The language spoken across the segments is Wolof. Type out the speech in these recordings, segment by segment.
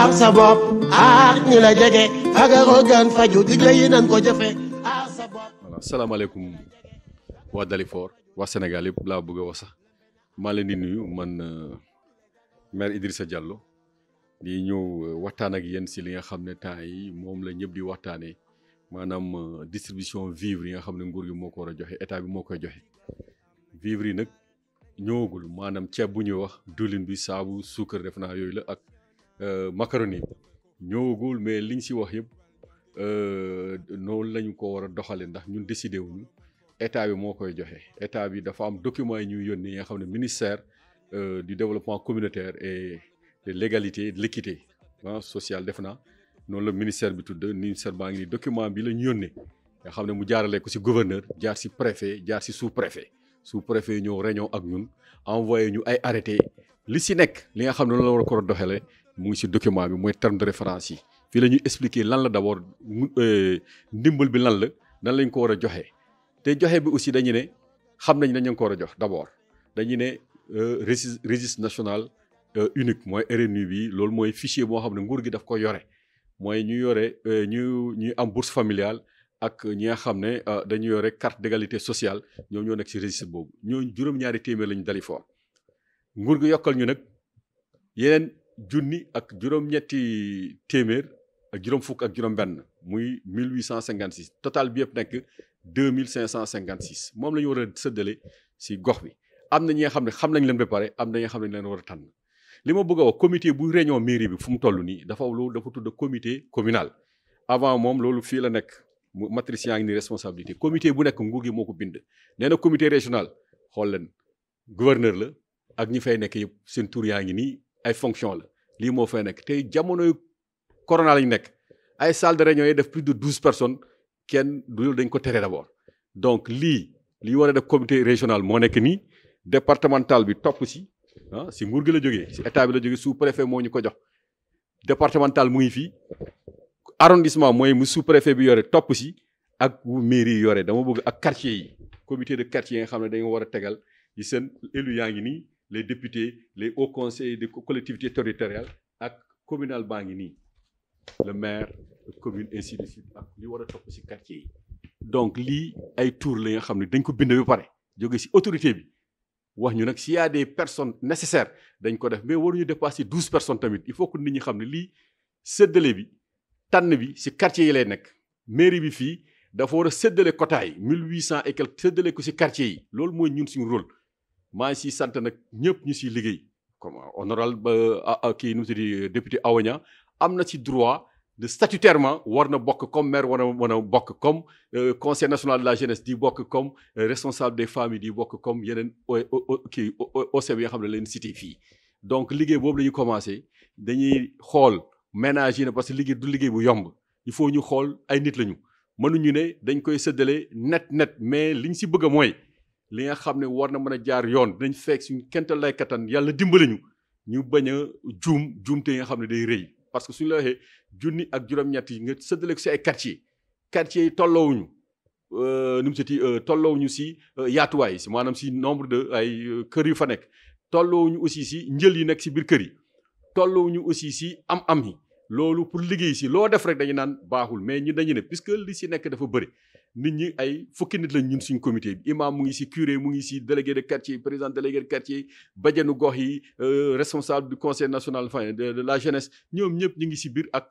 aar sa bopp aar ñi la jege fagaroo gaan faju digle yi nan ko jëfe aar sa bopp voilà salaamaaleykum waa Dalifort waa Sénégal yëpp laa bëgg a wax sax maa leen di nuyu man euh, maire Idrissa Diallo di ñëw euh, waxtaan ak yéen si li nga xam ne temps yi moom la ñëpp di waxtaanee maanaam euh, distribution vivre yi nga xam ne nguur gi moo ko war a joxe état bi moo koy joxe vivre yi nag ñëwagul maanaam ceeb bu ñuy wax dulin bi saabu suukar def naa yooyu la ak Euh, macaroni ñëwagul mais liñ si wax yëpp euh, noonu lañu ko war a doxale ndax ñun décidé wuñu état bi moo koy joxe état bi dafa am document yi ñuy yónni nga xam ne ministère euh, du développement communautaire et l'égalité et de l'équité sociale def na noonu la ministère bi tudd ministère baa ngi ni document bi la ñu yónnee nga xam ne mu jaaralee ko si gouverneur jaar si préfet jaar si sous préfet sous préfet ñëw réunion ak ñun envoyé ñu ay arrêté li si nekk li nga xam ne loolu la war a ko doxalee mu ngi si document bi mooy terme de référence yi fii la ñuy expliquer lan la d' euh, ndimbal bi lan la nan lañ ko war a joxe te joxe bi aussi dañu ne xam nañ dañu war a jox d' abord dañu ne euh, registre national euh, unique mooy RNU bi loolu mooy fichier boo xam ne nguur gi daf ko yore mooy ñu yore ñu ñuy am bourse familiale ak ñi nga xam ne dañu yore carte d' égalité ñoom ñoo nekk si boobu ñoo juróom téeméer lañu yokkal ñu nag yeneen junni ak juróom-ñetti téeméer ak juróom fukk ak juróom-benn muy 1856 total bi yëpp nekk 2556 moom la ñu war a sëddale si gox bi am na ñi nga xam ne xam nañ leen ba pare am na ñi xam ne leen war a tànn li ma bëgg a wax comité bu réunion mairie bi fu mu toll nii dafa loolu dafa tudd comité communal avant moom loolu fii la nekk matrice yaa ngi ni responsabilité comité bu nekk nguur gi moo ko bind nee na comité régional xool leen gouverneur la ak ñi fay nekk yëpp seen tur yaa ngi nii ay fonction la lii moo fay nekk tey jamonoy corona lañu nekk ay salle de réunion def plus de douze personnes kenn du dañ ko tere d'abord donc lii lii war a def comité régional moo nekk nii départemental bi topp si ah si nguur gi la jóge si état bi la jógee sous préfet moo ñu ko jox départemental mu ngi fii arrondissement mooy mu sous préfet bi yore topp si ak mairie yi yore dama bëgg ak quartier yi comité de quartier yi nga xam ne dañoo war a tegal yi seen élu yaa nii les députés les hauts conseillers des collectivités territoriales ak communal baa ngi nii le maire commune ainsi de ak li war a topp ci quartier yi donc lii ay tour la nga xam ne dañ ko bind ba pare jóge ci autorité bi wax ñu nag ci y a des personnes nécessaires dañ ko def mais waruñu dépasser douze personnes tamit il faut que nit ñi xam ne lii séddale bi tànn bi ci quartier yi lay nekk mairie bi fii dafa war a séddale quota yi mille huit cent et quelques séddale ko ci quartier yi mooy ñun suñu rôle maa si siy sant nag ñëpp ñu siy liggéey comme honorable ba euh, kii nu mu tudd euh, député Awaña am na ci droit de statutairement war na bokk comme maire war na mën a bokk comme euh, conseil national de la jeunesse di bokk comme responsable des familles di bokk comme yeneen kii OCB e yi nga xam ne leen cité fii. donc liggéey boobu la ñu commencé dañuy xool ménage na parce que liggéey du liggéey bu yomb il faut ñu xool ay nit lañu ñu ne dañ koy séddale net net mais liñ si bëgg mooy. li nga xam ne war na mën a jaar yoon dinañ fekk suñu kente lay kattan yàlla dimbali ñu ñu bañ a juum juumte yi nga xam ne day rëy parce que suñu la waxee junni ak juróom-ñett yi nga séddale ko si ay quartier quartier yi tolloowuñu euh, nu mu seti euh, tolloowuñu si euh, yaatuwaay si maanaam si nombre de ay kër yu fa nekk tolloowuñu aussi si njël yi nekk si biir kër yi tolloowuñu aussi si am-am yi loolu pour liggéey si loo def rek dañu naan baaxul mais ñu dañu ne puisque li si nekk dafa bëri nit ñi ay fukki nit lañ ñun suñ comité bi imam mu ngi si curé mu ngi si délégué de quartier président délégué de quartier bajenu gox yi euh, responsable du conseil national enfin de la jeunesse ñoom ñëpp ñu ngi si biir ak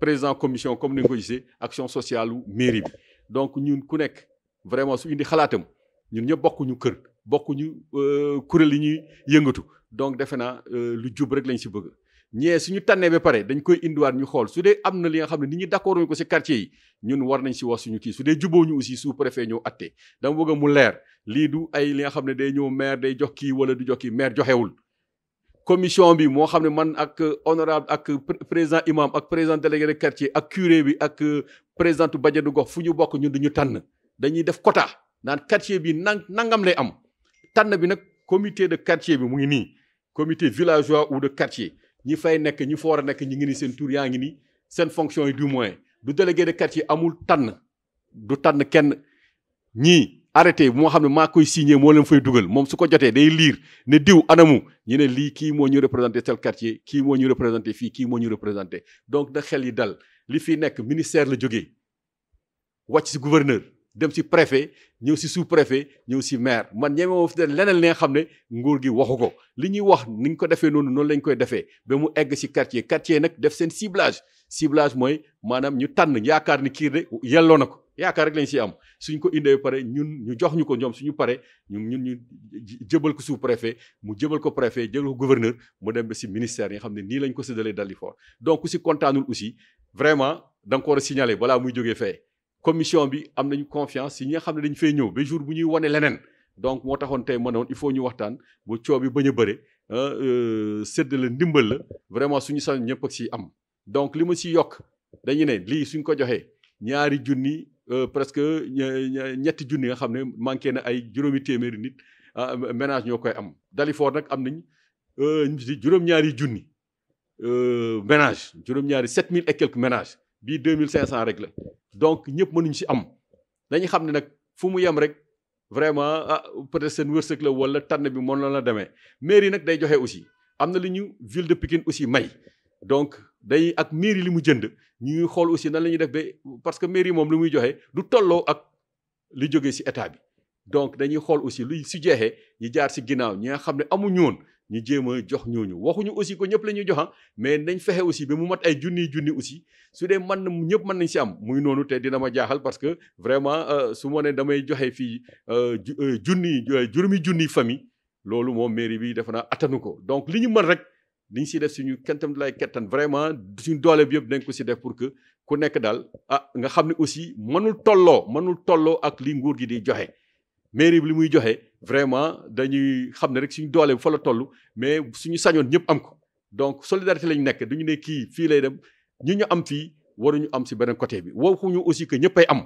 président commission comme ni nga ko gisee action sociale u mairie bi donc ñun ku nekk vraiment su indi xalaatam ñun ñëpp bokkuñu kër bokkuñu euh, kuréel yi ñuy yëngatu donc defe naa euh, lu jub rek lañ si bëgg ñee suñu tànnee ba pare dañ koy indiwaat ñu xool su dee am na li nga xam ne nit ñu d'accord ko si quartier yi ñun war nañ si wax suñu kii su dee juboo ñu aussi sous préfet ñëw atte dama bëgg mu leer li du ay li nga xam ne day ñëw maire day jox ki wala du jox kii maire joxewul commission bi moo xam ne man ak honorable ak président imam ak président délégué de quartier ak curé bi ak euh, présidente bajenu gox fu ñu bokk ñun ñu tànn dañuy def quota naan quartier bi nang nangam lay am tànn bi nag comité de quartier bi mu ngi nii comité villageois ou de quartier ñi fay nekk ñi fa a nekk ñi ngi ni seen tur yaa ngi ni seen fonction yi du moins du délégué de quartier amul tànn du tànn kenn ñii arrêté moo xam ne maa koy signé moo leen fay dugal moom su ko jotee day liir ne diw anamu ñu ne lii kii moo ñu représenté tel quartier kii moo ñu représenté fii kii moo ñu représenté donc da xel yi dal li fi nekk ministère la jógee wàcc si gouverneur dem si préfet ñëw si sous préfet ñëw si maire man ñeme moo de leneen li nga xam ne nguur gi waxu ko li ñuy wax ni ñu ko defee noonu noonu lañ koy defee ba mu egg si quartier quartier nag def seen ciblage ciblage mooy maanaam ñu tànn yaakaar ni kii de yelloo na ko yaakaar rek lañ si am suñ ko indee pare ñun ñu jox ñu ko ñoom suñu pare ñun ñun ñu jëbal ko sous préfet mu jëbal ko préfet jëbal ko gouverneur mu dem ba si ministère yi xam ne nii lañ ko séddalee dal di si kontaanul aussi vraiment da nga ko balaa muy jógee fee commission bi am nañu confiance si ñi nga xam ne dañu fee ñëw ba jour bu ñuy wane leneen donc moo taxoon tey ma ne woon il faut ñu waxtaan ba coow bi bañ a bëre ah, euh, séddale ndimbal la vraiment suñu sañ ñëpp ak si am. donc li ma si yokk dañu ne lii suñ ko joxee ñaari junni euh, presque ñetti junni nga xam ne manqué na ay juróomi téeméeri nit ah, ménage ñoo koy am. Dalifort nag am nañ euh, juróom-ñaari junni ménage juróom-ñaari sept mille et quelques ménages. bii deux mille cent rek la donc ñëpp mënuñu si am dañu xam ne nag fu mu yem rek vraiment ah peut-être seen wërsëg la wala tànn bi mën na la demee mairie nag day joxe aussi am na lu ñu ville de Pikine aussi may donc day ak mairie li mu jënd ñu xool aussi na la ñuy def ba parce que mairie moom li muy joxe du tolloo ak li jóge si état bi donc dañuy xool aussi luy si jeexee ñi jaar si ginnaaw ñi nga xam ne amuñu woon ñu jéem a jox ñu waxuñu aussi ko ñëpp la ñuy jox ah, mais nañ fexe aussi ba mu mat ay junniy junni aussi su dee man ñëpp mën nañ si am muy noonu te dina ma jaaxal parce que vraiment euh, su ma ne damay joxe fii euh, euh, junni juróomi junni famille loolu moom mairie bi defe naa attanu ko donc li ñu mën rek li ñu si def suñu kentam lay kettan vraiment suñu doole bi yëpp dañ ko si def pour que ku nekk daal ah nga xam ne aussi mënul tolloo mënul tolloo ak li nguur gi di joxe mais bi li muy joxe vraiment dañuy xam ne rek suñu doolee fa la toll mais suñu sañoon ñëpp am ko donc solidarité lañ nekk duñu ne kii fii lay dem ñi ñu am fii waruñu am si beneen côté bi waxuñu aussi que ñëppay am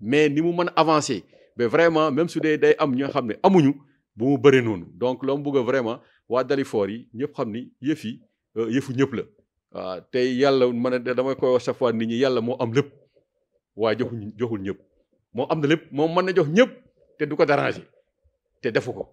mais ni mu mën a avancer mais vraiment même su dee day am ñoo xam ne amuñu bu mu bëree noonu donc loo mu bëgg a vraiment waa Dalifort yi ñëpp xam ni yëf yi euh, yëfu ñëpp la waaw tey yàlla man a damay koy wax chaque fois nit ñi yàlla moo am lépp waa joxuñ joxul ñëpp moo am na lépp moom mën na jox ñëpp te du ko déranger te defu ko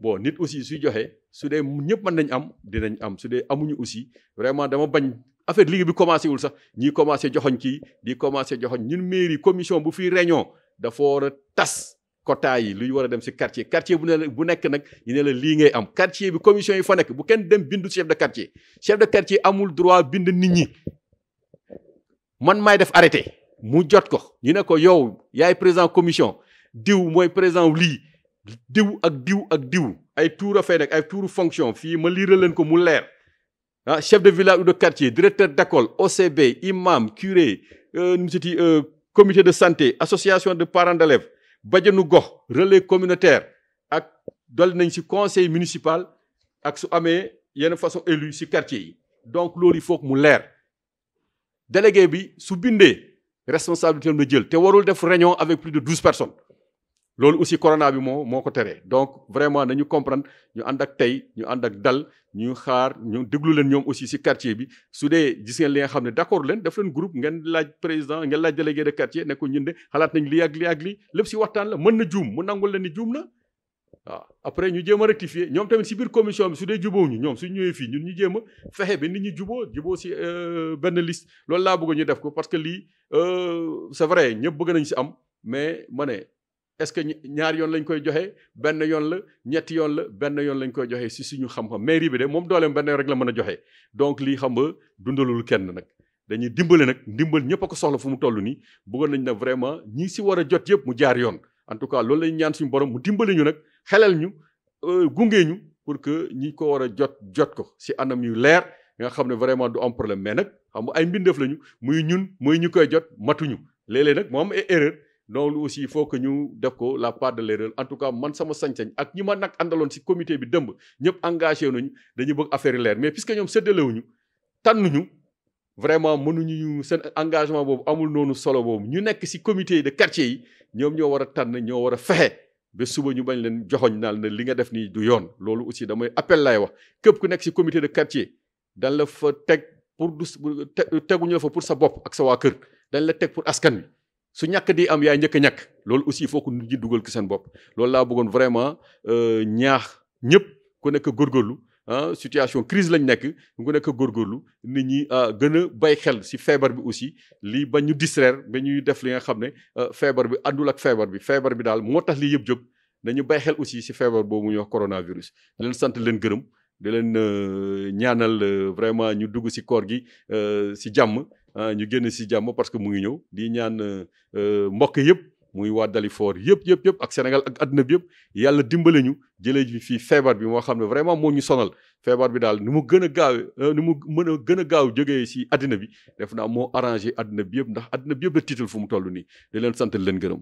bon nit aussi suy joxe su dee ñëpp mën nañ am dinañ am su dee amuñu aussi vraiment dama bañ affaire liggéey bi commencé wul sax ñi commencé joxoñ kii di commencé joxoñ ñun mairie commission bu fii réunion dafa war a tas quota yi luy war a dem si quartier quartier bu ne bu nekk nag ñu ne la lii ngay am quartier bi commission yi fa nekk bu kenn dem bindu chef de quartier chef de quartier amul droit bind nit ñi man maay def arrêté mu jot ko ñu ne ko yow yaay président commission diw mooy président lii diw ak diw ak diw ay tuur a fay nag ay tuuru fonction fii ma liiral leen ko mu leer ah chef de village ou de quartier directeur d'école OCB imam curé euh, nu siti euh, comité de santé association de parents d'élèves bajenu gox relais communautaire ak dolli nañ si conseil municipal ak su amee yenn façon élu ci quartier yi donc loolu il faut mu leer délégué bi su bindee responsabilité am la jël te warul def réunion avec plus de douze personnes loolu aussi corona bi moo moo ko teree donc vraiment nañu comprendre ñu ànd ak tey ñu ànd ak dal ñu xaar ñu déglu leen ñoom aussi si quartier bi su dee gis ngeen li nga xam ne d' accord leen def leen groupe ngeen laaj président ngeen laaj délégué de quartier ne ko ñun de xalaat nañ li ak lii ak lii lépp si waxtaan la mën na juum mu nangul leen ni juum na waaw après ñu jéem a rectifier ñoom tamit si biir commission bi su dee jubóo ñu ñoom suñ ñëwee fii ñun ñu jéem fexe bi nit ñi jubóo jubóo si euh, benn liste loolu laa bëgg ñu def ko parce que lii euh, c' est ñëpp bëgg nañ si am mais ma ne est-ce que ñaar yoon lañ koy joxe benn yoon la ñetti yoon la benn yoon lañ koy joxe si suñu xam-xam mairie bi de moom dooleem benn yoon rek la mën a joxe donc lii xam nga dundalul kenn nag. dañuy dimbale nag ndimbal ñëpp a ko soxla fu mu toll nii bëggoon nañ ne vraiment ñi si war a jot yëpp jaar yoon en tout cas loolu lañ ñaan suñu borom mu dimbale ñu nag xelal ñu euh, gunge ñu pour que ñi ko war a jot jot ko si anam yu leer nga xam ne vraiment du am problème mais nag xam nga ay mbindeef lañu muy ñun muy ñu koy jot matuñu léeg nag moom am erreur. loolu aussi foo faut ñu def ko la part de l'erreur en tout cas man sama sañ-sañ ak ñi ma nag àndaloon si comité bi dëmb ñëpp engagé nañu dañu bëgg affaire leer mais puisque ñoom séddalewuñu tànnuñu vraiment mënuñu seen engagement boobu amul noonu solo boobu ñu nekk si comité de quartier yi ñoom ñoo war a tànn ñoo war a fexe ba suba ñu bañ leen joxoñ naal ne li nga def nii du yoon loolu aussi damay appel lay wax képp ku nekk si comité de quartier dañ la fa teg pour du teguñu la fa pour sa bopp ak sa waa kër dañ la teg pour askan wi su ñàkk di am yaay njëkk a ñàkk loolu aussi il faut nit ñi dugal ko seen bopp loolu laa bëggoon vraiment euh, ñaax ñëpp ku nekk góorgóorlu ah situation crise lañ nekk ku nekk góorlu nit ñi ah, gën a bay xel si feebar bi aussi lii ba ñu distraire ba ñuy def li nga xam ne euh, feebar bi àndul ak feebar bi feebar bi daal moo tax lii yëpp jóg nañu bay xel aussi si feebar boobu ñuy wax coronavirus leen sant leen gërëm di leen euh, ñaanal vraiment ñu dugg si koor gi si jàmm Ah, ñu génn si jàmm parce que mu ngi ñëw di ñaan euh, euh, mbokk yëpp muy waa Dalifort yëpp yëpp yëpp ak Sénégal ak àdduna bi yëpp yàlla dimbale ñu jëlee ji fii feebar bi moo xam ne vraiment moo ñu sonal feebar bi daal nu mu gën a gaawee euh, nu mu mën a gën a gaaw jógee si àddina bi def naa moo arrangé àddina bi yëpp ndax àddina bi yëpp tiital fu mu toll nii di leen sant leen gërëm.